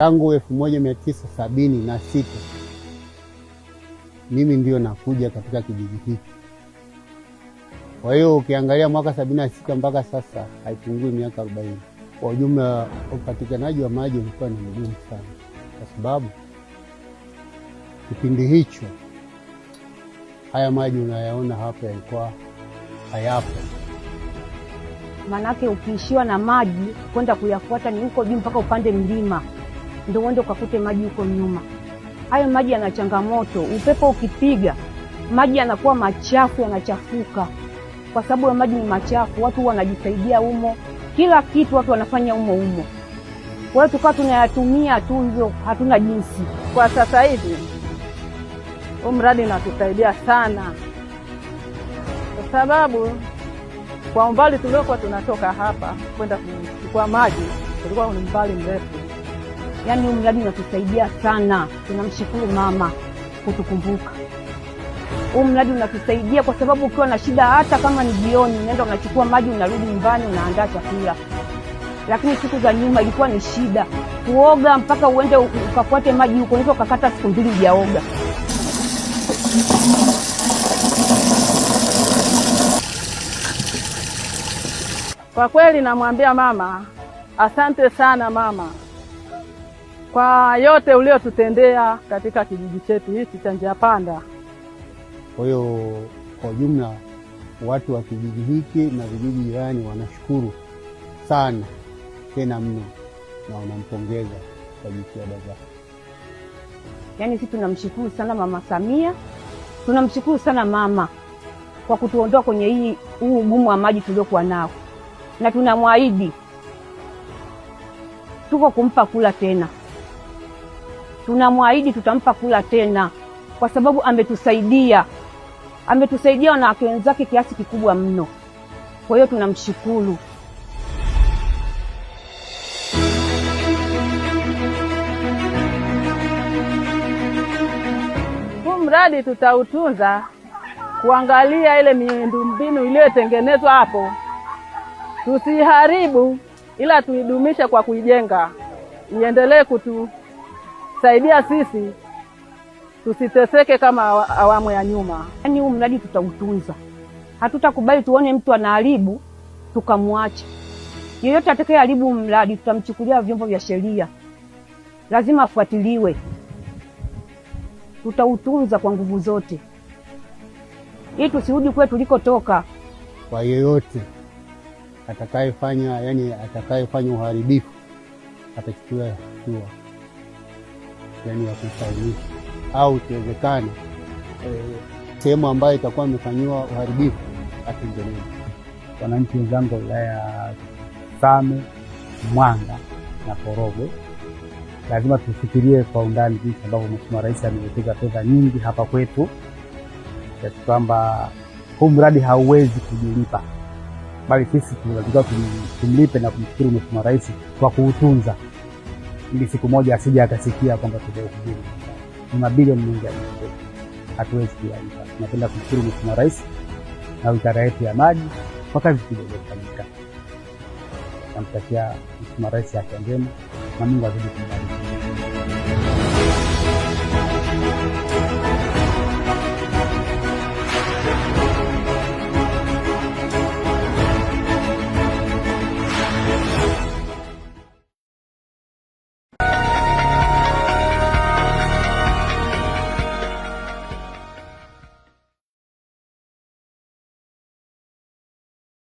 Tangu elfu moja mia tisa sabini na sita mimi ndio nakuja katika kijiji hiki. Kwa hiyo ukiangalia mwaka sabini na sita mpaka sasa haipungui miaka arobaini. Kwa ujumla, upatikanaji wa maji ulikuwa ni mgumu sana, kwa sababu kipindi hicho haya maji unayaona hapa yalikuwa hayapo. Maanake ukiishiwa na maji kwenda kuyafuata ni huko juu mpaka upande mlima ndio uende ukakute maji huko nyuma. Hayo maji yana changamoto, upepo ukipiga maji yanakuwa machafu, yanachafuka. Kwa sababu ya maji ni machafu, watu wanajisaidia humo, kila kitu watu wanafanya humo humo. Kwa hiyo tukawa tunayatumia tu hivyo, hatuna jinsi. Kwa sasa hivi huu mradi unatusaidia sana, kwa sababu kwa umbali tuliokuwa tunatoka hapa kwenda kuchukua maji ulikuwa ni mbali mrefu. Yaani huu mradi unatusaidia sana, tunamshukuru mama kutukumbuka. Huu mradi unatusaidia kwa sababu ukiwa na shida, hata kama ni jioni, unaenda unachukua maji, unarudi nyumbani, unaandaa chakula. Lakini siku za nyuma ilikuwa ni shida kuoga, mpaka uende ukafuate maji huko, unaweza ukakata siku mbili ujaoga Kwa kweli namwambia mama, asante sana mama kwa yote uliotutendea katika kijiji chetu hichi cha njia panda. Kwa hiyo kwa ujumla watu wa kijiji hiki na vijiji jirani wanashukuru sana tena mno na wanampongeza kwa jitihada zake. Yaani sisi tunamshukuru sana Mama Samia, tunamshukuru sana mama kwa kutuondoa kwenye hii huu ugumu wa maji tuliokuwa nao, na tunamwahidi tuko kumpa kula tena tunamwahidi tutampa kula tena, kwa sababu ametusaidia, ametusaidia wanawake wenzake kiasi kikubwa mno. Kwa hiyo tunamshukuru. Huu mradi tutautunza, kuangalia ile miundombinu iliyotengenezwa hapo tusiharibu, ila tuidumishe kwa kuijenga iendelee kutu saidia sisi tusiteseke kama awamu ya nyuma. Yaani huu mradi tutautunza, hatutakubali tuone mtu anaharibu tukamwacha. Yeyote atakayeharibu mradi tutamchukulia vyombo vya sheria, lazima afuatiliwe. Tutautunza kwa nguvu zote ili tusirudi kule tulikotoka. Kwa yeyote atakayefanya, yani atakayefanya uharibifu atachukuliwa hatua yani kufanyika au ikiwezekana eh, sehemu ambayo itakuwa imefanyiwa uharibifu atengeneza. Wananchi wenzangu wa wilaya Same, Mwanga na Korogwe, lazima tufikirie kwa undani jinsi ambavyo Mheshimiwa Rais amewekeza fedha nyingi hapa kwetu kiasi kwamba huu mradi hauwezi kujilipa, bali sisi tunatakiwa tumlipe na kumshukuru Mheshimiwa Rais kwa kuutunza ili siku moja asija akasikia kwamba tutahubiri ni mabilioni mengi ya pesa, hatuwezi kuyalipa. Tunapenda kumshukuru Mheshimiwa Rais na wizara yetu ya maji kwa kazi kubwa iliyofanyika. Namtakia Mheshimiwa Rais afya njema na Mungu azidi kumbariki.